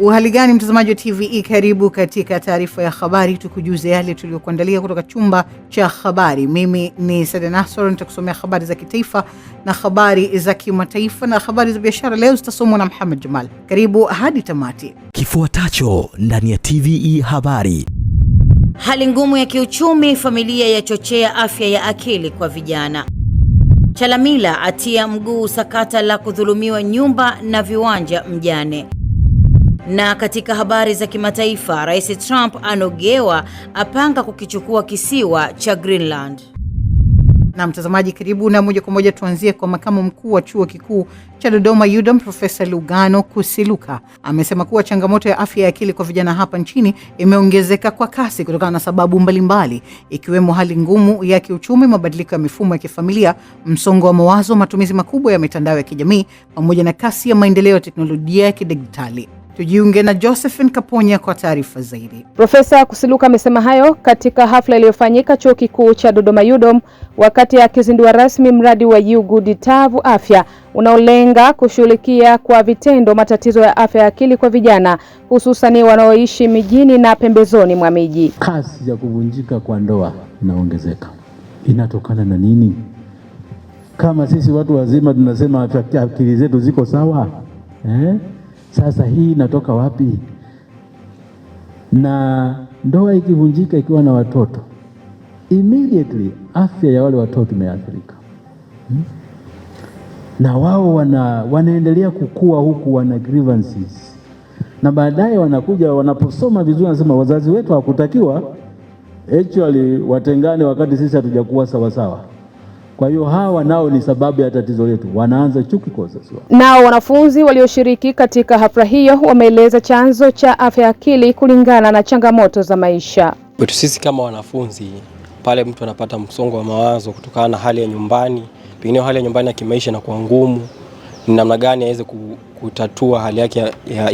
Uhali gani mtazamaji wa TVE, karibu katika taarifa ya habari, tukujuze yale tuliyokuandalia kutoka chumba cha habari. Mimi ni Sada Nasor, nitakusomea habari za kitaifa na habari za kimataifa na habari za biashara. Leo zitasomwa na Muhammad Jamal. Karibu hadi tamati. Kifuatacho ndani ya TVE habari: hali ngumu ya kiuchumi, familia yachochea afya ya akili kwa vijana. Chalamila atia mguu sakata la kudhulumiwa nyumba na viwanja Mjane. Na katika habari za kimataifa, Rais Trump anogewa apanga kukichukua kisiwa cha Greenland. Na mtazamaji, karibu na moja kwa moja tuanzie kwa makamu mkuu wa chuo kikuu cha Dodoma UDOM Profesa Lugano Kusiluka amesema kuwa changamoto ya afya ya akili kwa vijana hapa nchini imeongezeka kwa kasi kutokana na sababu mbalimbali ikiwemo hali ngumu ya kiuchumi, mabadiliko ya mifumo ya kifamilia, msongo wa mawazo, matumizi makubwa ya mitandao ya kijamii pamoja na kasi ya maendeleo ya teknolojia ya kidijitali. Tujiunge na Josephine Kaponya kwa taarifa zaidi. Profesa Kusiluka amesema hayo katika hafla iliyofanyika Chuo Kikuu cha Dodoma UDOM wakati akizindua rasmi mradi wa You Tavu Afya unaolenga kushughulikia kwa vitendo matatizo ya afya ya akili kwa vijana hususani wanaoishi mijini na pembezoni mwa miji. Kasi ya kuvunjika kwa ndoa inaongezeka. Inatokana na nini? Kama sisi watu wazima tunasema akili zetu ziko sawa eh? Sasa hii inatoka wapi? Na ndoa ikivunjika ikiwa na watoto, immediately afya ya wale watoto imeathirika, hmm? na wao wana, wanaendelea kukua huku wana grievances na baadaye wanakuja wanaposoma vizuri, wanasema wazazi wetu hakutakiwa actually watengane wakati sisi hatujakuwa sawasawa. Kwa hiyo hawa nao ni sababu ya tatizo letu, wanaanza chuki kwa wazazi wao. Nao wanafunzi walioshiriki katika hafla hiyo wameeleza chanzo cha afya ya akili kulingana na changamoto za maisha. Kwetu sisi kama wanafunzi, pale mtu anapata msongo wa mawazo kutokana na hali ya nyumbani, pengine hali ya nyumbani ya kimaisha na kwa ngumu, ni namna gani aweze kutatua hali yake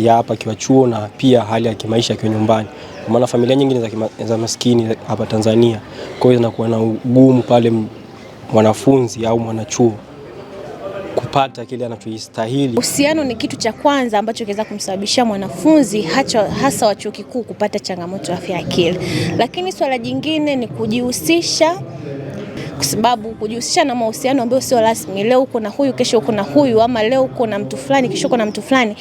ya hapa akiwa chuo na pia hali ya kimaisha akiwa nyumbani, kwa maana familia nyingi za maskini hapa Tanzania, kwa hiyo zinakuwa na ugumu pale mwanafunzi au mwanachuo kupata kile anachostahili. Uhusiano ni kitu cha kwanza ambacho kiweza kumsababishia mwanafunzi hacho, hasa wa chuo kikuu kupata changamoto ya afya ya akili, lakini swala jingine ni kujihusisha kwa sababu kujihusisha na mahusiano ambayo sio rasmi, leo uko na huyu, kesho uko na huyu, ama leo uko na mtu fulani, kesho uko na mtu fulani,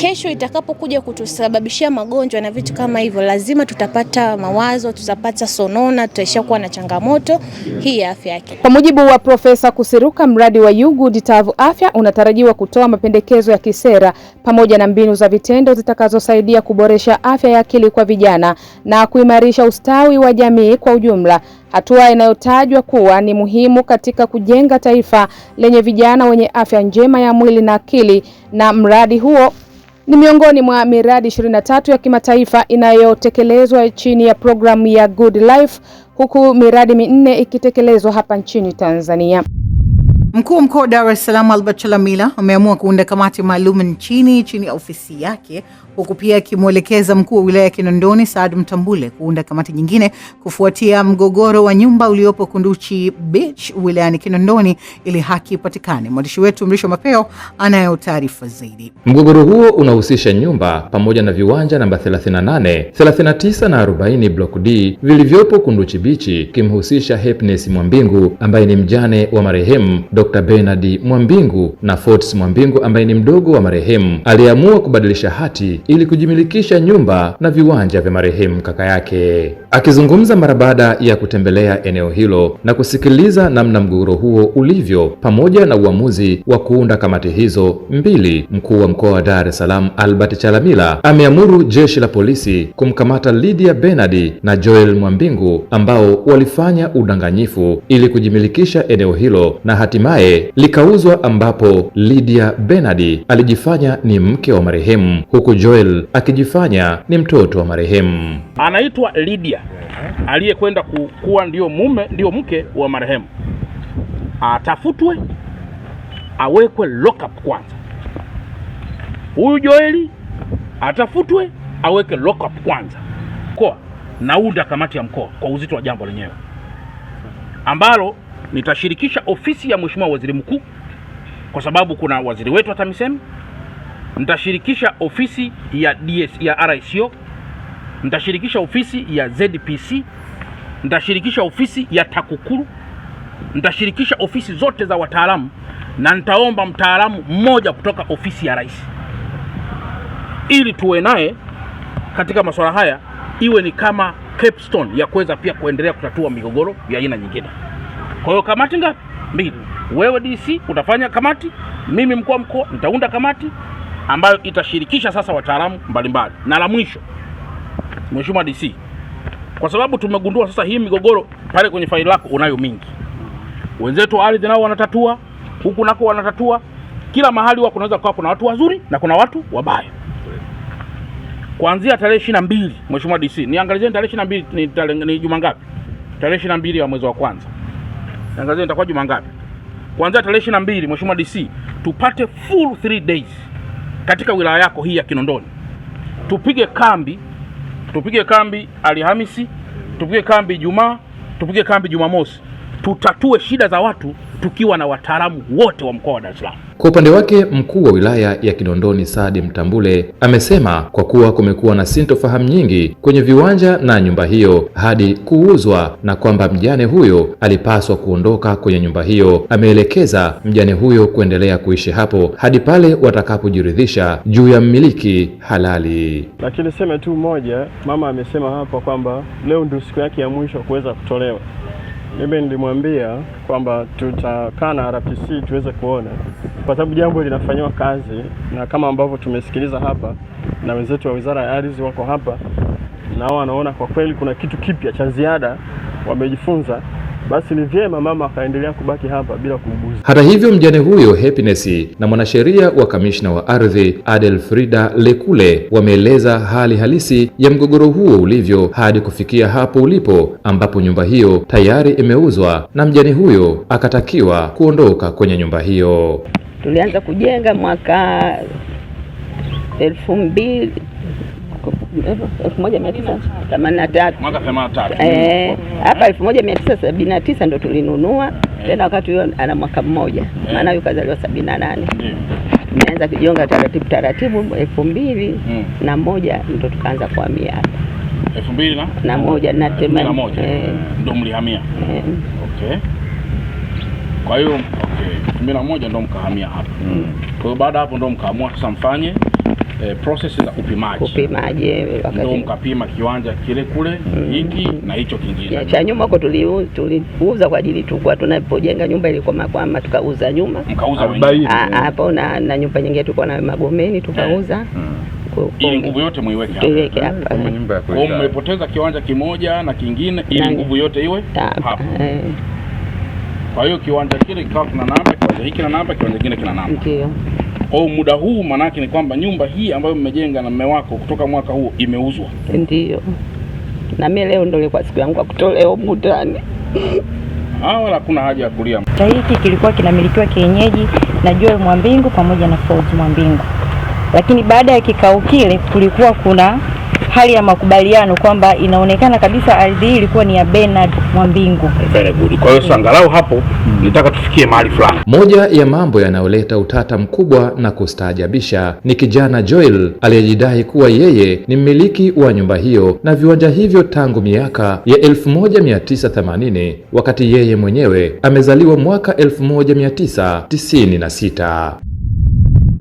kesho itakapokuja kutusababishia magonjwa na vitu kama hivyo, lazima tutapata mawazo, tutapata sonona, tutaishia kuwa na changamoto hii ya afya yake. Kwa mujibu wa Profesa Kusiruka, mradi wa You Tavu Afya unatarajiwa kutoa mapendekezo ya kisera pamoja na mbinu za vitendo zitakazosaidia kuboresha afya ya akili kwa vijana na kuimarisha ustawi wa jamii kwa ujumla, hatua inayotajwa kuwa ni muhimu katika kujenga taifa lenye vijana wenye afya njema ya mwili na akili, na mradi huo ni miongoni mwa miradi 23 ya kimataifa inayotekelezwa chini ya programu ya Good Life huku miradi minne ikitekelezwa hapa nchini Tanzania. Mkuu wa mkoa wa Dar es Salaam Albert Chalamila ameamua kuunda kamati maalum nchini chini ya ofisi yake huku pia akimwelekeza mkuu wa wilaya ya Kinondoni Saad Mtambule kuunda kamati nyingine kufuatia mgogoro wa nyumba uliopo Kunduchi Beach wilayani Kinondoni ili haki ipatikane. Mwandishi wetu Mrisho Mapeo anayo taarifa zaidi. Mgogoro huo unahusisha nyumba pamoja na viwanja namba 38, 39 na 40 block D vilivyopo Kunduchi Beach, kimhusisha Happiness Mwambingu ambaye ni mjane wa marehemu Dr. Bernard Mwambingu na Fortis Mwambingu ambaye ni mdogo wa marehemu aliamua kubadilisha hati ili kujimilikisha nyumba na viwanja vya marehemu kaka yake. Akizungumza mara baada ya kutembelea eneo hilo na kusikiliza namna mgogoro huo ulivyo pamoja na uamuzi wa kuunda kamati hizo mbili, mkuu wa mkoa wa Dar es Salaam Albert Chalamila ameamuru jeshi la polisi kumkamata Lydia Bernard na Joel Mwambingu ambao walifanya udanganyifu ili kujimilikisha eneo hilo na hatimaye hatimaye likauzwa ambapo Lydia Bernard alijifanya ni mke wa marehemu huku Joel akijifanya ni mtoto wa marehemu. Anaitwa Lydia aliyekwenda kuwa ndio mume ndiyo mke wa marehemu atafutwe, awekwe lock up kwanza. Huyu Joeli atafutwe, aweke lock up kwanza. Mkoa naunda kamati ya mkoa kwa uzito wa jambo lenyewe ambalo nitashirikisha ofisi ya Mheshimiwa Waziri Mkuu kwa sababu kuna waziri wetu wa TAMISEMI, nitashirikisha ofisi ya DS, ya RICO, nitashirikisha ofisi ya ZPC, nitashirikisha ofisi ya TAKUKURU, nitashirikisha ofisi zote za wataalamu na nitaomba mtaalamu mmoja kutoka ofisi ya rais ili tuwe naye katika masuala haya, iwe ni kama capstone ya kuweza pia kuendelea kutatua migogoro ya aina nyingine. Kwa hiyo kamati ngapi? Mbili. Wewe DC utafanya kamati, mimi mkuu wa mkoa nitaunda kamati ambayo itashirikisha sasa wataalamu mbalimbali. Na la mwisho, Mheshimiwa DC, kwa sababu tumegundua sasa hii migogoro pale kwenye faili lako unayo mingi, wenzetu wa ardhi nao wanatatua, huku nako wanatatua, kila mahali huwa kunaweza kuwa kuna watu wazuri na kuna watu wabaya. Kuanzia tarehe ishirini na mbili Mheshimiwa DC, niangalizeni tarehe ishirini na mbili ni, ni juma ngapi? Tarehe ishirini na mbili ya mwezi wa kwanza Tangazo litakuwa juma ngapi? Kuanzia tarehe ishirini na mbili Mheshimiwa DC, tupate full 3 days katika wilaya yako hii ya Kinondoni, tupige kambi, tupige kambi Alhamisi, tupige kambi Ijumaa, tupige kambi Jumamosi tutatue shida za watu tukiwa na wataalamu wote wa mkoa wa Dar es Salaam. Kwa upande wake mkuu wa wilaya ya Kinondoni sadi Mtambule amesema kwa kuwa kumekuwa na sintofahamu nyingi kwenye viwanja na nyumba hiyo hadi kuuzwa, na kwamba mjane huyo alipaswa kuondoka kwenye nyumba hiyo, ameelekeza mjane huyo kuendelea kuishi hapo hadi pale watakapojiridhisha juu ya mmiliki halali. Lakini seme tu moja, mama amesema hapa kwamba leo ndio siku yake ya mwisho kuweza kutolewa mimi nilimwambia kwamba tutakaa na RPC tuweze kuona, kwa sababu jambo linafanyiwa kazi, na kama ambavyo tumesikiliza hapa na wenzetu wa Wizara ya Ardhi wako hapa, nao wanaona kwa kweli kuna kitu kipya cha ziada wamejifunza basi ni vyema mama akaendelea kubaki hapa bila kuuguza. Hata hivyo, mjane huyo Happiness na mwanasheria wa kamishna wa ardhi Adelfrida Lekule wameeleza hali halisi ya mgogoro huo ulivyo hadi kufikia hapo ulipo, ambapo nyumba hiyo tayari imeuzwa na mjane huyo akatakiwa kuondoka kwenye nyumba hiyo. Tulianza kujenga mwaka elfu mbili Eh, hapa elfu moja mia tisa sabini na tisa ndo tulinunua eh. tena, wakati huyo ana mwaka mmoja, eh. maana huyu kazaliwa sabini na nane tumeanza kujionga taratibu taratibu, elfu mbili hmm. na moja ndo tukaanza kuhamia hapa elfu mbili na na moja na themanini na moja ndo mlihamia. Okay, kwa hiyo okay, elfu mbili na moja ndo mkahamia hapa. Hmm. Kwa hiyo baada hapo ndo mkaamua sasa mfanye eh, process za upimaji upimaji eh, ndio mkapima kiwanja kile kule mm. hiki mm. na hicho kingine cha nyuma huko tuliuza tuli, kwa ajili tukua tunapojenga nyumba kwa makwama tukauza nyuma mkauza ah, ah, hapo na, na nyumba nyingine tulikuwa na Magomeni tukauza yeah. mm. Ili nguvu yote muiweke hapa. Mm. Mmepoteza kiwanja kimoja na kingine, ili nguvu yote iwe hapa. Eh. Kwa hiyo kiwanja kile kikawa kina namba, kiwanja hiki kina namba, kiwanja kingine kina namba. Ndio. Kwa hiyo muda huu maanake ni kwamba nyumba hii ambayo mmejenga na mme wako kutoka mwaka huu imeuzwa. Ndio. Na mimi leo ndio ilikuwa siku yangu ya kutolewa mutani. Ah, wala kuna haja ya kulia. Hiki kilikuwa kinamilikiwa kienyeji na Joel Mwambingu pamoja na Fauzi Mwambingu, lakini baada ya kikao kile kulikuwa kuna hali ya makubaliano kwamba inaonekana kabisa ardhi hii ilikuwa ni ya Bernard Mwambingu. Very good. Kwa hiyo angalau hapo nitaka tufikie mahali fulani. Moja ya mambo yanayoleta utata mkubwa na kustaajabisha ni kijana Joel aliyejidai kuwa yeye ni mmiliki wa nyumba hiyo na viwanja hivyo tangu miaka ya 1980 wakati yeye mwenyewe amezaliwa mwaka 1996.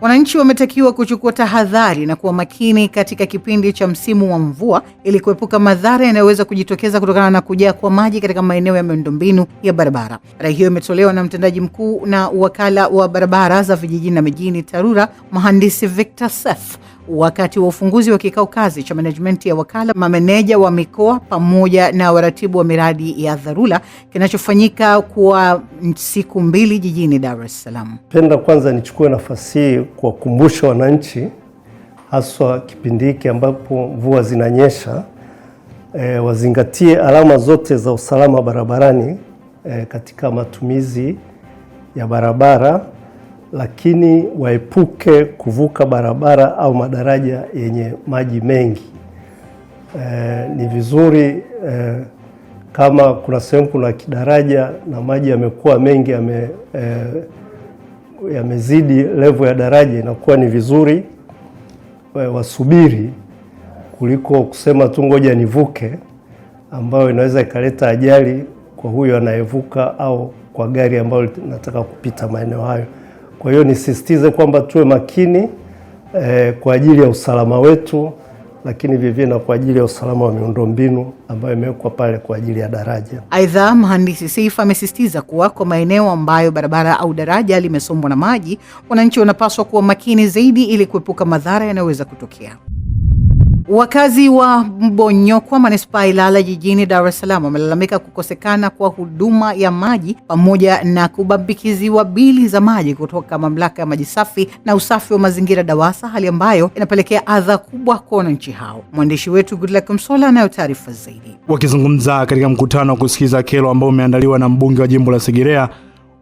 Wananchi wametakiwa kuchukua tahadhari na kuwa makini katika kipindi cha msimu wa mvua ili kuepuka madhara yanayoweza kujitokeza kutokana na kujaa kwa maji katika maeneo ya miundombinu ya barabara. Rai hiyo imetolewa na mtendaji mkuu na wakala wa barabara za vijijini na mijini TARURA, mhandisi Victor sef Wakati wa ufunguzi wa kikao kazi cha manajmenti ya wakala, mameneja wa mikoa pamoja na waratibu wa miradi ya dharura kinachofanyika kwa siku mbili jijini Dar es Salaam. Penda kwanza nichukue nafasi hii kuwakumbusha wananchi, haswa kipindi hiki ambapo mvua zinanyesha, e, wazingatie alama zote za usalama barabarani e, katika matumizi ya barabara lakini waepuke kuvuka barabara au madaraja yenye maji mengi. E, ni vizuri e, kama kuna sehemu kuna kidaraja na maji yamekuwa mengi yame, e, yamezidi levo ya daraja, inakuwa ni vizuri e, wasubiri kuliko kusema tu ngoja nivuke, ambayo inaweza ikaleta ajali kwa huyo anayevuka au kwa gari ambayo linataka kupita maeneo hayo. Kwa hiyo nisisitize kwamba tuwe makini eh, kwa ajili ya usalama wetu, lakini vivyo na kwa ajili ya usalama wa miundombinu ambayo imewekwa pale kwa ajili ya daraja. Aidha, mhandisi Seif amesisitiza kuwa kwa maeneo ambayo barabara au daraja limesombwa na maji, wananchi wanapaswa kuwa makini zaidi ili kuepuka madhara yanayoweza kutokea. Wakazi wa Mbonyokwa manispaa ya Ilala jijini Dar es Salaam wamelalamika kukosekana kwa huduma ya maji pamoja na kubambikiziwa bili za maji kutoka mamlaka ya maji safi na usafi wa mazingira DAWASA, hali ambayo inapelekea adha kubwa kwa wananchi hao. Mwandishi wetu Goodluck Msola anayo taarifa zaidi. Wakizungumza katika mkutano wa kusikiza kero ambao umeandaliwa na mbunge wa jimbo la Segerea,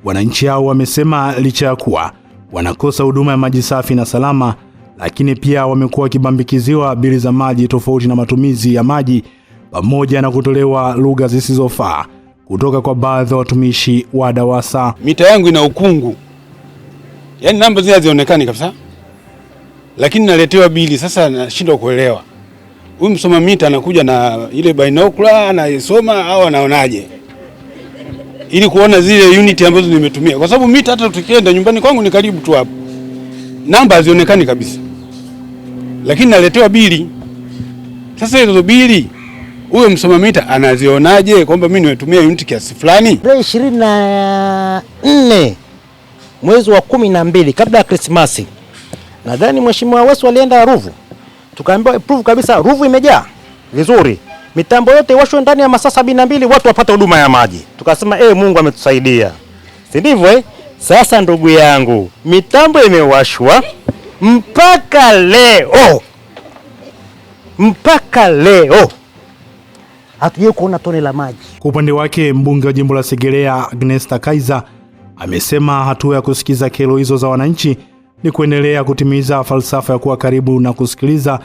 wananchi hao wamesema licha ya kuwa wanakosa huduma ya maji safi na salama lakini pia wamekuwa wakibambikiziwa bili za maji tofauti na matumizi ya maji pamoja na kutolewa lugha zisizofaa kutoka kwa baadhi ya watumishi wa DAWASA. Mita yangu ina ukungu, yaani namba zile hazionekani kabisa, lakini naletewa bili. Sasa nashindwa kuelewa, huyu msoma mita anakuja na ile binokula anasoma au anaonaje, ili kuona zile unit ambazo nimetumia, kwa sababu mita hata tukienda nyumbani kwangu ni karibu tu hapo, namba hazionekani kabisa lakini naletewa bili. Sasa hizo bili huyo msomamita anazionaje kwamba mimi nimetumia unit kiasi fulani? Tarehe ishirini na nne mwezi wa kumi na mbili kabla ya Krismasi, nadhani Mheshimiwa Wesu alienda Ruvu, tukaambiwa prove kabisa, Ruvu imejaa vizuri, mitambo yote iwashwe ndani ya masaa sabini na mbili watu wapate huduma ya maji. Tukasema eh, Mungu ametusaidia, si ndivyo eh? Sasa ndugu yangu, mitambo imewashwa mpaka leo, mpaka leo hatujai kuona tone la maji. Kwa upande wake mbunge wa jimbo la Segerea Agnesta Kaiza amesema hatua ya kusikiza kero hizo za wananchi ni kuendelea kutimiza falsafa ya kuwa karibu na kusikiliza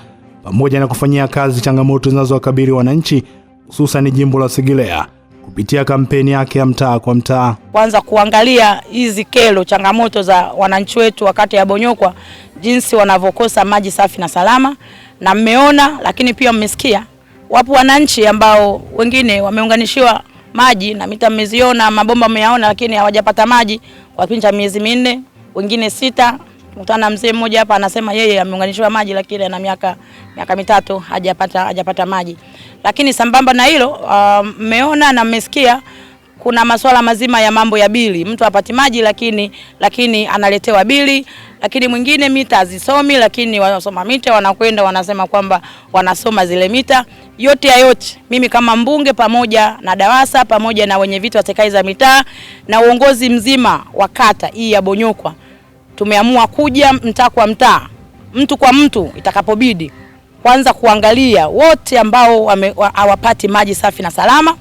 pamoja na kufanyia kazi changamoto zinazowakabili wananchi hususan jimbo la Segerea kupitia kampeni yake ya mtaa kwa mtaa. Kwanza kuangalia hizi kero, changamoto za wananchi wetu wakati ya Bonyokwa jinsi wanavyokosa maji safi na salama, na mmeona, lakini pia mmesikia, wapo wananchi ambao wengine wameunganishiwa maji na mita mmeziona, mabomba mmeyaona, lakini hawajapata maji kwa kipindi cha miezi minne, wengine sita. kutana na mzee mmoja hapa anasema yeye ameunganishiwa maji lakini ana miaka miaka mitatu hajapata hajapata maji. Lakini sambamba na hilo, uh, mmeona um, na mmesikia kuna masuala mazima ya mambo ya bili, mtu apati maji lakini lakini analetewa bili, lakini mwingine mita hazisomi, lakini wanasoma mita wanakwenda wanasema kwamba wanasoma zile mita. Yote ya yote, mimi kama mbunge pamoja na DAWASA pamoja na wenye viti wa serikali za mitaa na uongozi mzima wa kata hii ya Bonyokwa tumeamua kuja mtaa kwa mtaa, mtu kwa mtu, itakapobidi kwanza kuangalia wote ambao hawapati maji safi na salama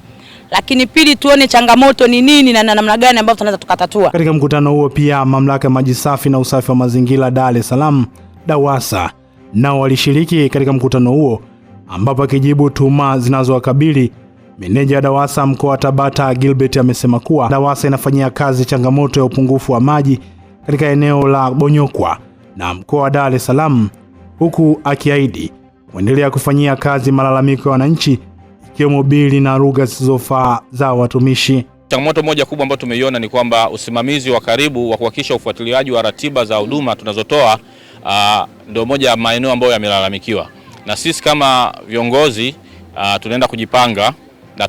lakini pili tuone changamoto ni nini na namna gani ambavyo tunaweza tukatatua. Katika mkutano huo pia mamlaka ya maji safi na usafi wa mazingira Dar es Salaam DAWASA nao walishiriki katika mkutano huo, ambapo akijibu tuhuma zinazowakabili meneja wa DAWASA mkoa wa Tabata Gilbert amesema kuwa DAWASA inafanyia kazi changamoto ya upungufu wa maji katika eneo la Bonyokwa na mkoa wa Dar es Salaam, huku akiahidi kuendelea kufanyia kazi malalamiko ya wananchi ikiwemo bili na lugha zisizofaa za watumishi. Changamoto moja kubwa ambayo tumeiona ni kwamba usimamizi wa karibu wa kuhakikisha ufuatiliaji wa ratiba za huduma tunazotoa ah, ndio moja ya maeneo ambayo yamelalamikiwa, na sisi kama viongozi ah, tunaenda kujipanga na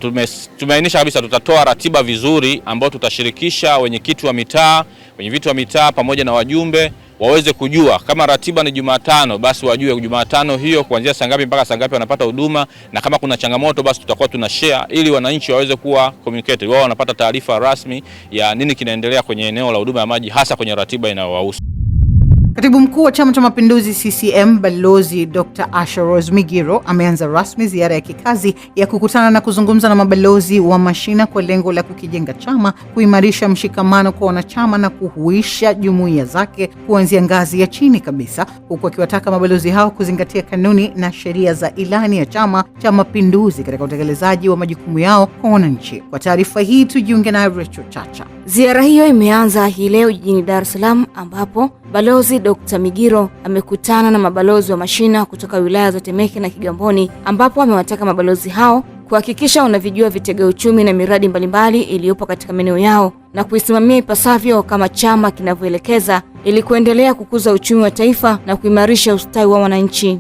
tumeainisha kabisa tutatoa ratiba vizuri ambayo tutashirikisha wenyekiti wa mitaa, wenyeviti wa mitaa pamoja na wajumbe waweze kujua kama ratiba ni Jumatano, basi wajue Jumatano hiyo kuanzia saa ngapi mpaka saa ngapi wanapata huduma, na kama kuna changamoto, basi tutakuwa tuna share ili wananchi waweze kuwa communicated, wao wanapata taarifa rasmi ya nini kinaendelea kwenye eneo la huduma ya maji, hasa kwenye ratiba inayowahusu. Katibu mkuu wa Chama cha Mapinduzi CCM Balozi Dr Asha Rose Migiro ameanza rasmi ziara ya kikazi ya kukutana na kuzungumza na mabalozi wa mashina kwa lengo la kukijenga chama, kuimarisha mshikamano kwa wanachama na kuhuisha jumuiya zake kuanzia ngazi ya chini kabisa, huku akiwataka mabalozi hao kuzingatia kanuni na sheria za ilani ya Chama cha Mapinduzi katika utekelezaji wa majukumu yao kwa wananchi. Kwa taarifa hii tujiunge naye Rachel Chacha. Ziara hiyo imeanza hii leo jijini Dar es Salaam ambapo Balozi Dr. Migiro amekutana na mabalozi wa mashina kutoka wilaya za Temeke na Kigamboni ambapo amewataka mabalozi hao kuhakikisha wanavijua vitega uchumi na miradi mbalimbali iliyopo katika maeneo yao na kuisimamia ipasavyo kama chama kinavyoelekeza ili kuendelea kukuza uchumi wa taifa na kuimarisha ustawi wa wananchi.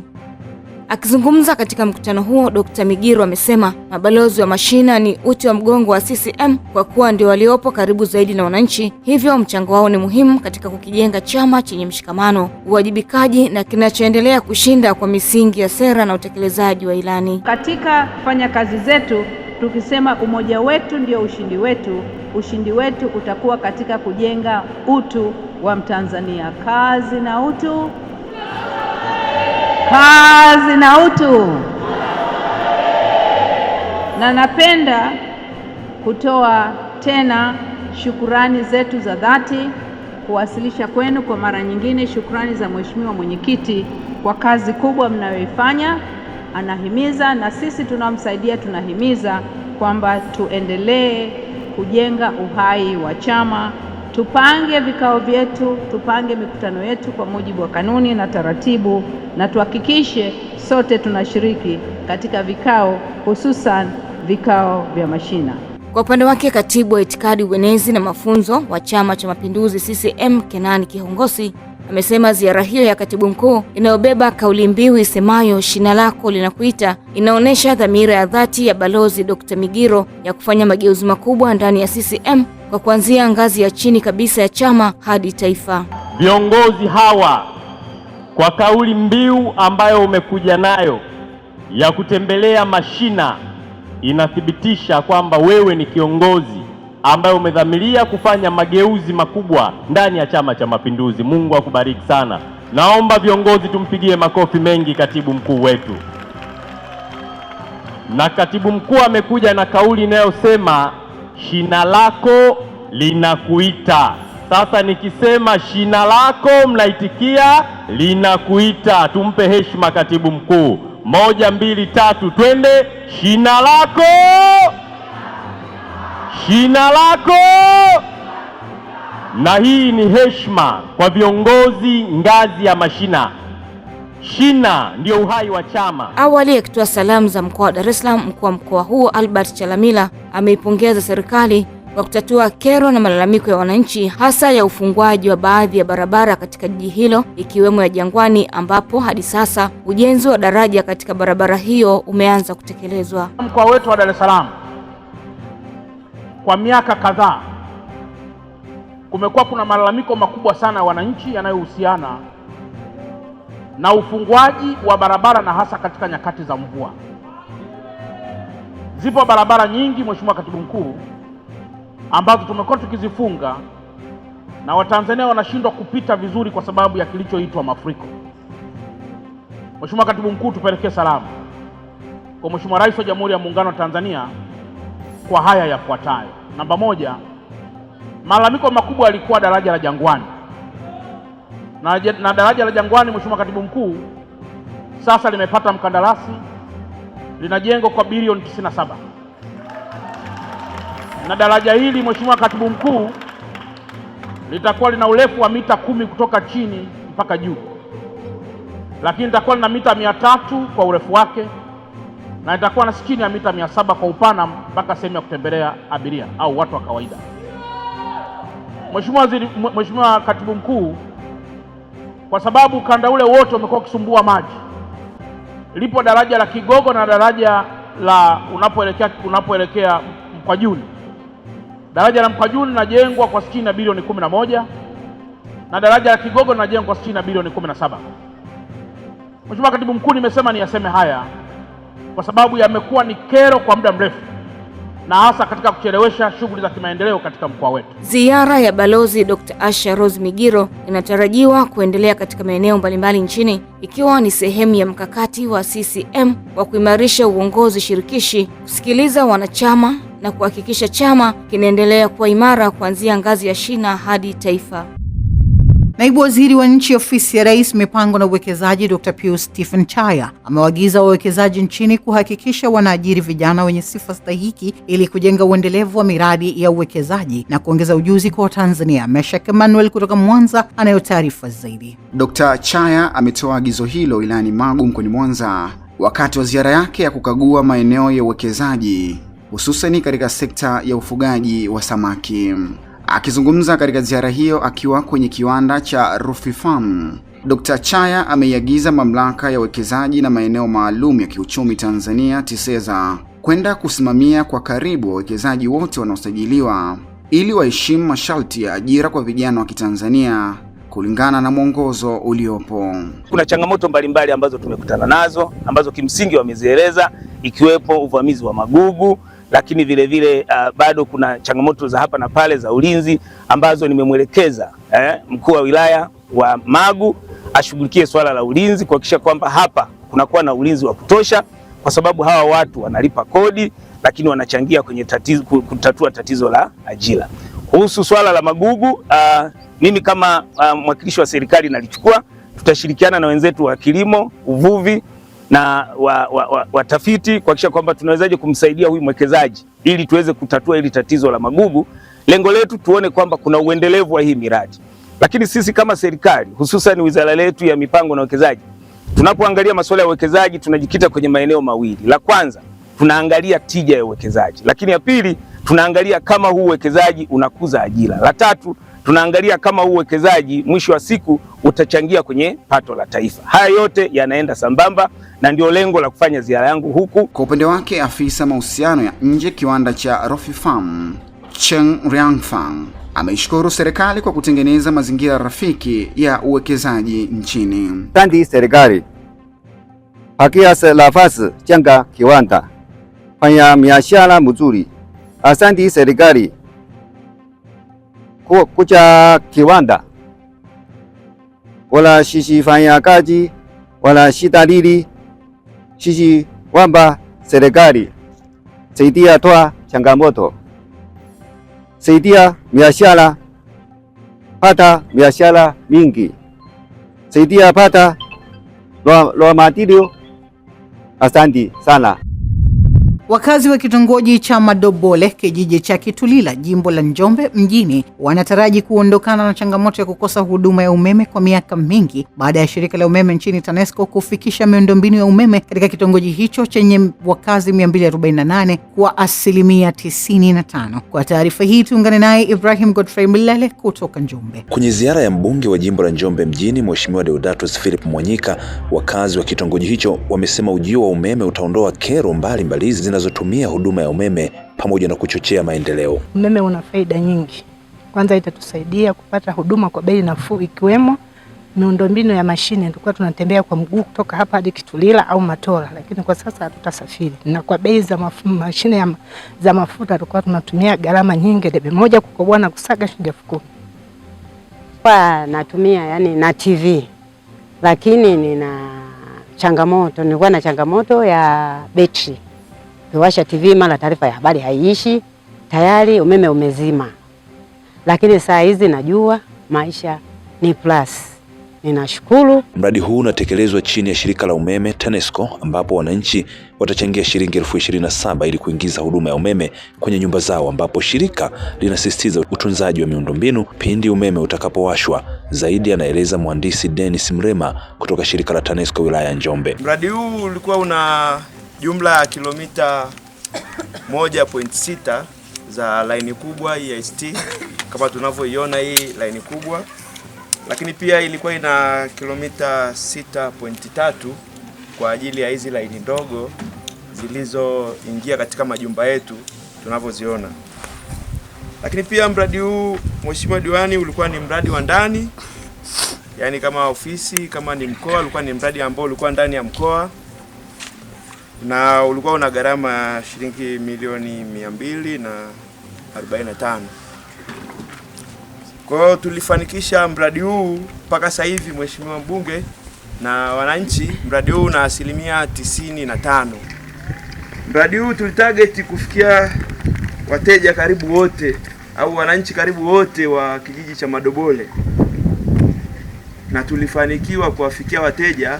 Akizungumza katika mkutano huo, Dr. migiro amesema mabalozi wa mashina ni uti wa mgongo wa CCM kwa kuwa ndio waliopo karibu zaidi na wananchi, hivyo mchango wao ni muhimu katika kukijenga chama chenye mshikamano, uwajibikaji na kinachoendelea kushinda kwa misingi ya sera na utekelezaji wa ilani. Katika kufanya kazi zetu tukisema umoja wetu ndio ushindi wetu, ushindi wetu utakuwa katika kujenga utu wa Mtanzania, kazi na utu kazi na utu, na napenda kutoa tena shukurani zetu za dhati kuwasilisha kwenu kwa mara nyingine shukrani za Mheshimiwa Mwenyekiti kwa kazi kubwa mnayoifanya. Anahimiza na sisi tunaomsaidia tunahimiza kwamba tuendelee kujenga uhai wa chama tupange vikao vyetu, tupange mikutano yetu kwa mujibu wa kanuni na taratibu, na tuhakikishe sote tunashiriki katika vikao, hususan vikao vya mashina. Kwa upande wake, katibu wa itikadi, uenezi na mafunzo wa Chama cha Mapinduzi CCM Kenani Kihongosi amesema ziara hiyo ya katibu mkuu inayobeba kauli mbiu isemayo shina lako linakuita inaonyesha dhamira ya dhati ya Balozi Dr. Migiro ya kufanya mageuzi makubwa ndani ya CCM kwa kuanzia ngazi ya chini kabisa ya chama hadi taifa. Viongozi hawa kwa kauli mbiu ambayo umekuja nayo ya kutembelea mashina inathibitisha kwamba wewe ni kiongozi ambaye umedhamiria kufanya mageuzi makubwa ndani ya Chama cha Mapinduzi. Mungu akubariki sana. Naomba viongozi tumpigie makofi mengi katibu mkuu wetu. Na katibu mkuu amekuja na kauli inayosema shina lako linakuita. Sasa nikisema shina lako mnaitikia linakuita. Tumpe heshima katibu mkuu. Moja, mbili, tatu, twende. Shina lako, shina lako. Na hii ni heshima kwa viongozi ngazi ya mashina. Shina ndio uhai wa chama. Awali akitoa salamu za mkoa wa Dar es Salaam, mkuu wa mkoa huo Albert Chalamila ameipongeza serikali wa kutatua kero na malalamiko ya wananchi hasa ya ufungwaji wa baadhi ya barabara katika jiji hilo ikiwemo ya Jangwani ambapo hadi sasa ujenzi wa daraja katika barabara hiyo umeanza kutekelezwa. Mkoa wetu wa Dar es Salaam kwa miaka kadhaa kumekuwa kuna malalamiko makubwa sana ya wananchi yanayohusiana na ufungwaji wa barabara na hasa katika nyakati za mvua. Zipo barabara nyingi, Mheshimiwa Katibu Mkuu ambazo tumekuwa tukizifunga na Watanzania wanashindwa kupita vizuri kwa sababu ya kilichoitwa mafuriko. Mheshimiwa Katibu Mkuu, tupelekee salamu kwa Mheshimiwa Rais wa Jamhuri ya Muungano wa Tanzania kwa haya yafuatayo. Namba moja, malalamiko makubwa yalikuwa daraja la Jangwani na, na daraja la Jangwani, Mheshimiwa Katibu Mkuu, sasa limepata mkandarasi linajengwa kwa bilioni 97 na daraja hili, Mheshimiwa Katibu Mkuu, litakuwa lina urefu wa mita kumi kutoka chini mpaka juu, lakini litakuwa lina mita mia tatu kwa urefu wake na itakuwa na si chini ya mita mia saba kwa upana mpaka sehemu ya kutembelea abiria au watu wa kawaida. Mheshimiwa Waziri, Mheshimiwa Katibu Mkuu, kwa sababu ukanda ule wote umekuwa ukisumbua maji, lipo daraja la Kigogo na daraja la unapoelekea unapoelekea juni Daraja la Mkwajuni linajengwa kwa shilingi na bilioni 11 na daraja la Kigogo linajengwa kwa shilingi na bilioni 17. Mheshimiwa Katibu Mkuu, nimesema niyaseme haya kwa sababu yamekuwa ni kero kwa muda mrefu na hasa katika kuchelewesha shughuli za kimaendeleo katika mkoa wetu. Ziara ya Balozi Dr. Asha Rose Migiro inatarajiwa kuendelea katika maeneo mbalimbali nchini ikiwa ni sehemu ya mkakati wa CCM wa kuimarisha uongozi shirikishi, kusikiliza wanachama na kuhakikisha chama kinaendelea kuwa imara kuanzia ngazi ya shina hadi taifa. Naibu Waziri wa Nchi, Ofisi ya Rais, Mipango na Uwekezaji, Dr Pius Stephen Chaya amewaagiza wawekezaji nchini kuhakikisha wanaajiri vijana wenye sifa stahiki ili kujenga uendelevu wa miradi ya uwekezaji na kuongeza ujuzi kwa Watanzania. Meshak Emmanuel kutoka Mwanza anayo taarifa zaidi. Dr Chaya ametoa agizo hilo wilayani Magu mkoani Mwanza wakati wa ziara yake ya kukagua maeneo ya uwekezaji hususani katika sekta ya ufugaji wa samaki. Akizungumza katika ziara hiyo akiwa kwenye kiwanda cha Rufi Farm, Dr. Chaya ameiagiza Mamlaka ya Uwekezaji na Maeneo Maalum ya Kiuchumi Tanzania TISEZA kwenda kusimamia kwa karibu wawekezaji wote wanaosajiliwa ili waheshimu masharti ya ajira kwa vijana wa Kitanzania kulingana na mwongozo uliopo. Kuna changamoto mbalimbali ambazo tumekutana nazo ambazo kimsingi wamezieleza, ikiwepo uvamizi wa magugu lakini vilevile uh, bado kuna changamoto za hapa na pale za ulinzi ambazo nimemwelekeza eh, mkuu wa wilaya wa Magu ashughulikie swala la ulinzi kuhakikisha kwamba hapa kunakuwa na ulinzi wa kutosha, kwa sababu hawa watu wanalipa kodi, lakini wanachangia kwenye tatizo, kutatua tatizo la ajira. Kuhusu swala la magugu uh, mimi kama uh, mwakilishi wa serikali nalichukua, tutashirikiana na wenzetu wa kilimo, uvuvi na watafiti wa, wa, kuhakikisha kwamba tunawezaje kumsaidia huyu mwekezaji ili tuweze kutatua hili tatizo la magugu. Lengo letu tuone kwamba kuna uendelevu wa hii miradi, lakini sisi kama serikali, hususan wizara letu ya mipango na uwekezaji, tunapoangalia masuala ya uwekezaji tunajikita kwenye maeneo mawili. La kwanza tunaangalia tija ya uwekezaji, lakini ya pili tunaangalia kama huu uwekezaji unakuza ajira. La tatu tunaangalia kama huu uwekezaji mwisho wa siku utachangia kwenye pato la taifa. Haya yote yanaenda sambamba na ndio lengo la kufanya ziara yangu huku. Kwa upande wake, afisa mahusiano ya nje kiwanda cha Rofi Farm Cheng Riangfang ameishukuru serikali kwa kutengeneza mazingira rafiki ya uwekezaji nchini. Asante serikali hakia nafasi jenga kiwanda fanya miashara mzuri. Asante serikali kucha kiwanda wala shishi fanya kazi wala shida lili sisi kwamba serikali saidia toa changamoto, saidia biashara, pata biashara mingi, saidia pata lwa, lwa matilio. sana. Wakazi wa kitongoji cha Madobole kijiji cha Kitulila jimbo la Njombe mjini wanataraji kuondokana na changamoto ya kukosa huduma ya umeme kwa miaka mingi baada ya shirika la umeme nchini TANESCO kufikisha miundombinu ya umeme katika kitongoji hicho chenye wakazi 248 kwa asilimia 95. Kwa taarifa hii tuungane naye Ibrahim Godfrey mlele kutoka Njombe. Kwenye ziara ya mbunge wa jimbo la Njombe mjini Mheshimiwa Deodatus Philip Mwanyika, wakazi wa kitongoji hicho wamesema ujio wa umeme utaondoa kero mbalimbali zina zinazotumia huduma ya umeme pamoja na kuchochea maendeleo. Umeme una faida nyingi. Kwanza itatusaidia kupata huduma kwa bei nafuu, ikiwemo miundombinu ya mashine. Tulikuwa tunatembea kwa mguu kutoka hapa hadi Kitulila au Matola, lakini kwa sasa hatutasafiri, na kwa bei za mafu, mashine ya, za mafuta tulikuwa tunatumia gharama nyingi, debe moja kukoboa na kusaga shilingi elfu kumi kwa natumia yani na TV, lakini nina changamoto, nilikuwa na changamoto ya betri Tuwasha TV mara taarifa ya habari haiishi, tayari umeme umezima. Lakini saa hizi najua maisha ni plus. Ninashukuru. Mradi huu unatekelezwa chini ya shirika la umeme TANESCO ambapo wananchi watachangia shilingi elfu ishirini na saba ili kuingiza huduma ya umeme kwenye nyumba zao, ambapo shirika linasisitiza utunzaji wa miundombinu pindi umeme utakapowashwa. Zaidi anaeleza mhandisi Dennis Mrema kutoka shirika la TANESCO wilaya ya Njombe. Mradi huu ulikuwa una jumla ya kilomita 1.6 za laini kubwa ya ST kama tunavyoiona hii laini kubwa, lakini pia ilikuwa ina kilomita 6.3 kwa ajili ya hizi laini ndogo zilizoingia katika majumba yetu tunavyoziona. Lakini pia mradi huu Mheshimiwa Diwani, ulikuwa ni mradi wa ndani, yaani kama ofisi kama ni mkoa, ulikuwa ni mradi ambao ulikuwa ndani ya mkoa na ulikuwa una gharama ya shilingi milioni mia mbili na arobaini na tano. Kwa hiyo tulifanikisha mradi huu mpaka sasa hivi, mheshimiwa mbunge na wananchi, mradi huu una asilimia tisini na tano. Mradi huu tulitarget kufikia wateja karibu wote au wananchi karibu wote wa kijiji cha Madobole na tulifanikiwa kuwafikia wateja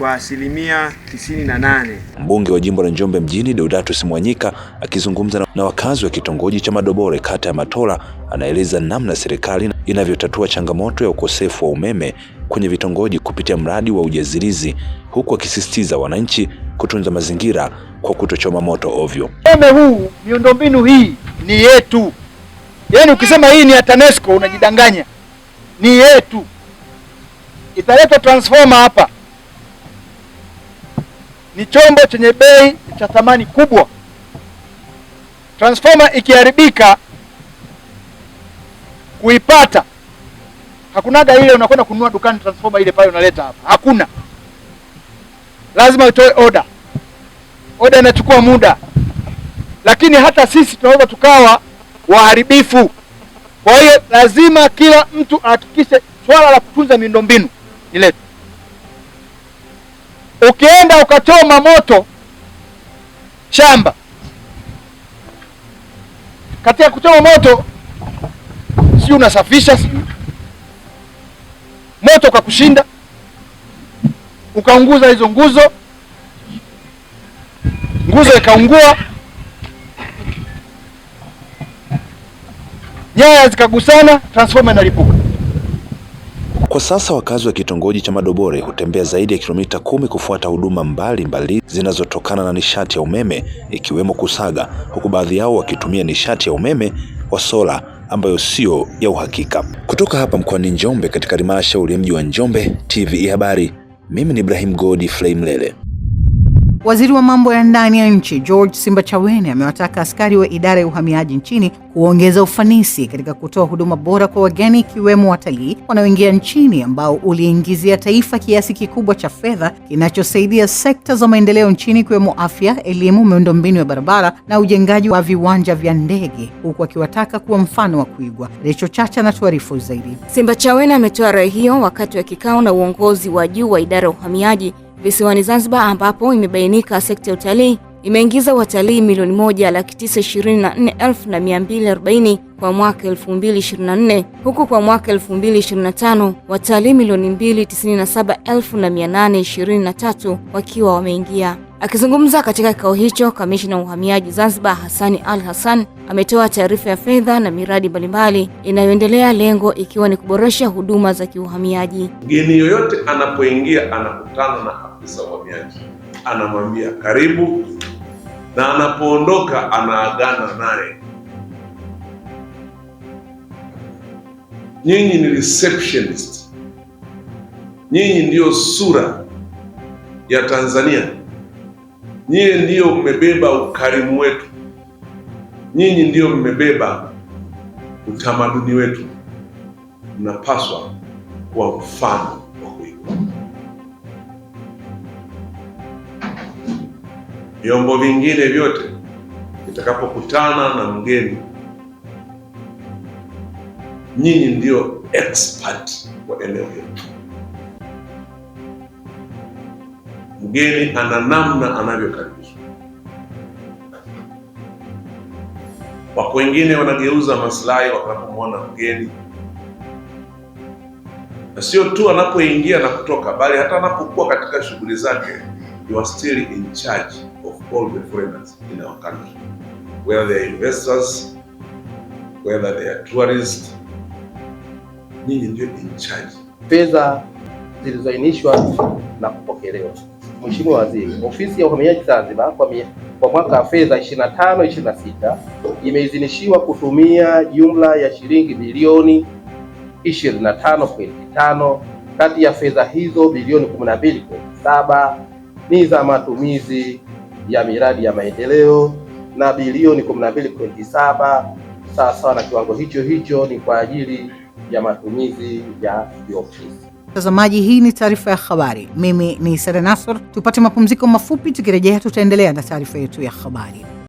kwa asilimia 98. Mbunge wa jimbo la Njombe mjini Deodatus Mwanyika akizungumza na wakazi wa kitongoji cha Madobore kata ya Matola anaeleza namna serikali inavyotatua changamoto ya ukosefu wa umeme kwenye vitongoji kupitia mradi wa ujazilizi, huku akisisitiza wananchi kutunza mazingira kwa kutochoma moto ovyo. Umeme huu, miundombinu hii ni yetu, yaani ukisema hii ni ya TANESCO unajidanganya, ni yetu. Italetwa transformer hapa ni chombo chenye bei cha thamani kubwa. Transformer ikiharibika, kuipata hakunaga ile unakwenda kununua dukani transformer ile pale unaleta hapa, hakuna. Lazima utoe oda, oda inachukua muda, lakini hata sisi tunaweza tukawa waharibifu. Kwa hiyo lazima kila mtu ahakikishe swala la kutunza miundombinu ni letu ukienda ukachoma moto shamba, katika kuchoma moto sijui unasafisha, sijui moto ukakushinda, ukaunguza hizo nguzo, nguzo ikaungua, nyaya zikagusana, transformer inalipuka. Kwa sasa wakazi wa kitongoji cha Madobore hutembea zaidi ya kilomita kumi kufuata huduma mbalimbali zinazotokana na nishati ya umeme ikiwemo kusaga, huku baadhi yao wakitumia nishati ya umeme wa sola ambayo sio ya uhakika. Kutoka hapa mkoani Njombe, katika halmashauri ya mji wa Njombe, TVE Habari, mimi ni Ibrahim Godi Flay Mlele. Waziri wa mambo ya ndani ya nchi George Simbachawene amewataka askari wa idara ya uhamiaji nchini kuongeza ufanisi katika kutoa huduma bora kwa wageni ikiwemo watalii wanaoingia nchini ambao uliingizia taifa kiasi kikubwa cha fedha kinachosaidia sekta za maendeleo nchini ikiwemo afya, elimu, miundombinu ya barabara na ujengaji wa viwanja vya ndege, huku akiwataka kuwa mfano wa kuigwa. Recho Chacha na tuarifu zaidi. Simbachawene ametoa rai hiyo wakati wa kikao na uongozi wa juu wa idara ya uhamiaji visiwani Zanzibar, ambapo imebainika sekta ya utalii imeingiza watalii milioni moja laki tisa ishirini na nne elfu na mia mbili arobaini kwa mwaka 2024 huku kwa mwaka 2025 watalii milioni mbili tisini na saba elfu na mia nane ishirini na tatu wakiwa wameingia Akizungumza katika kikao hicho, kamishina wa uhamiaji Zanzibar Hassan Ali Hassan ametoa taarifa ya fedha na miradi mbalimbali inayoendelea, lengo ikiwa ni kuboresha huduma za kiuhamiaji. Mgeni yoyote anapoingia anakutana na afisa uhamiaji, anamwambia karibu, na anapoondoka anaagana naye. Nyinyi ni receptionist, nyinyi ndiyo sura ya Tanzania. Nyie ndiyo mmebeba ukarimu wetu, nyinyi ndiyo mmebeba utamaduni wetu. Mnapaswa kuwa mfano wa kuigwa. Vyombo vingine vyote vitakapokutana na mgeni, nyinyi ndiyo expert wa eneo hilo. mgeni ana namna anavyokaribishwa. Wako wengine wanageuza maslahi wanapomwona mgeni, na sio tu anapoingia na kutoka, bali hata anapokuwa katika shughuli zake. You are still in charge of all the foreigners in our country whether they are investors whether they are tourists, nyinyi ndio in charge. Fedha zilizoainishwa na kupokelewa Mheshimiwa Waziri, ofisi ya uhamiaji Zanzibar kwa, kwa mwaka wa fedha 25 26 imeidhinishiwa kutumia jumla ya shilingi bilioni 25.5. Kati ya fedha hizo bilioni 12.7 ni za matumizi ya miradi ya maendeleo na bilioni 12.7 sawa sawa na kiwango hicho hicho ni kwa ajili ya matumizi ya ofisi. Mtazamaji, hii ni taarifa ya habari. Mimi ni Sara Nasr. Tupate mapumziko mafupi, tukirejea tutaendelea na taarifa yetu ya habari.